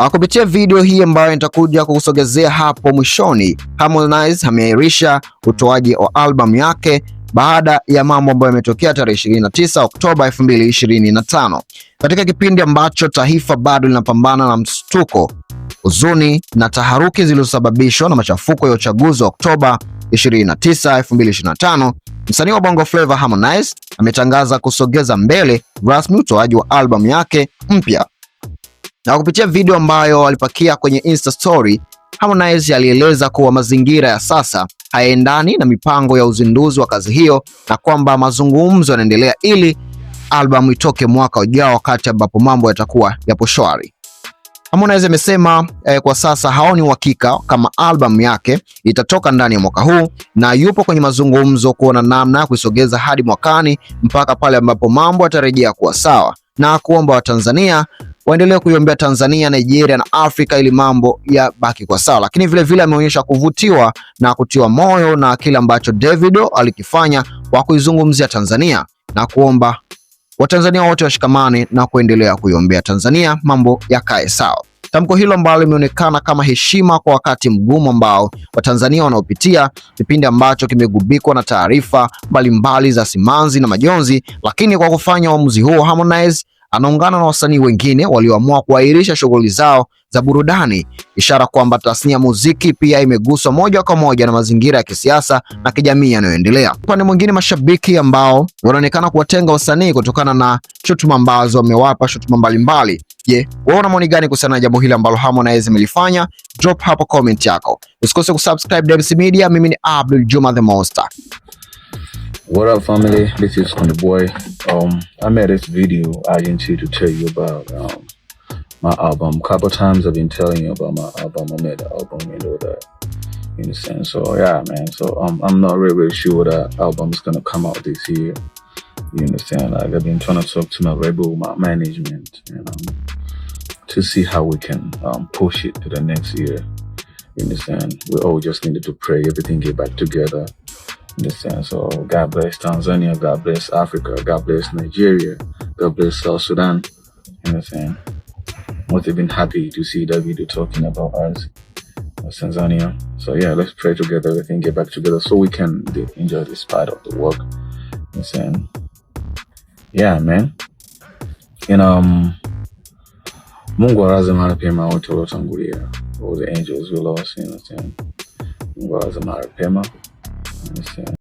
Ah, kupitia video hii ambayo nitakuja kukusogezea hapo mwishoni, Harmonize ameahirisha utoaji wa albamu yake baada ya mambo ambayo yametokea tarehe 29 Oktoba 2025, katika kipindi ambacho taifa bado linapambana na mshtuko, huzuni na taharuki zilizosababishwa na machafuko ya uchaguzi wa Oktoba 29, 2025, msanii wa Bongo Flava Harmonize ametangaza kusogeza mbele rasmi utoaji wa albamu yake mpya na kupitia video ambayo alipakia kwenye Insta story, Harmonize alieleza kuwa mazingira ya sasa hayaendani na mipango ya uzinduzi wa kazi hiyo na kwamba mazungumzo yanaendelea ili albamu itoke mwaka ujao, wakati ambapo mambo yatakuwa yapo shwari. Harmonize amesema eh, kwa sasa haoni uhakika kama albamu yake itatoka ndani ya mwaka huu na yupo kwenye mazungumzo kuona namna ya kuisogeza hadi mwakani mpaka pale ambapo mambo yatarejea kuwa sawa, na kuomba Watanzania waendelee kuiombea Tanzania, Nigeria na Afrika ili mambo ya baki kwa sawa. Lakini vilevile ameonyesha kuvutiwa na kutiwa moyo na kile ambacho Davido alikifanya kwa kuizungumzia Tanzania na kuomba Watanzania wote washikamane na kuendelea kuiombea Tanzania mambo yakae sawa. Tamko hilo ambalo limeonekana kama heshima kwa wakati mgumu ambao Watanzania wanaopitia, kipindi ambacho kimegubikwa na taarifa mbalimbali za simanzi na majonzi, lakini kwa kufanya uamuzi huo Harmonize anaungana na wasanii wengine walioamua kuahirisha shughuli zao za burudani, ishara kwamba tasnia ya muziki pia imeguswa moja kwa moja na mazingira ya kisiasa na kijamii yanayoendelea. Upande mwingine, mashabiki ambao wanaonekana kuwatenga wasanii kutokana na shutuma ambazo wamewapa shutuma mbalimbali. Je, wewe una maoni gani kuhusiana na jambo hili ambalo Harmonize amelifanya? Drop hapo comment yako, usikose kusubscribe Dems Media. Mimi ni Abdul Juma the Monster. what up family this is on the boy um i made this video agency to tell you about um my album couple times i've been telling you about my album i made the album you know that you understand so yeah man so um i'm not really, really sure that album is gonna come out this year you understand like i've been trying to talk to my rebel my management you know to see how we can um, push it to the next year you understand we all just needed to pray everything get back together this time, so God bless Tanzania, God bless Africa, God bless Nigeria, God bless South Sudan. Understand? Must have been happy to see that video talking about us, uh, Tanzania. So yeah, let's pray together. We can get back together so we can enjoy this part of the work. Understand? Yeah, man. And um, Mungu araze mahali pema wote waliotangulia, all the angels we lost. You understand? what i Mungu pema. Tá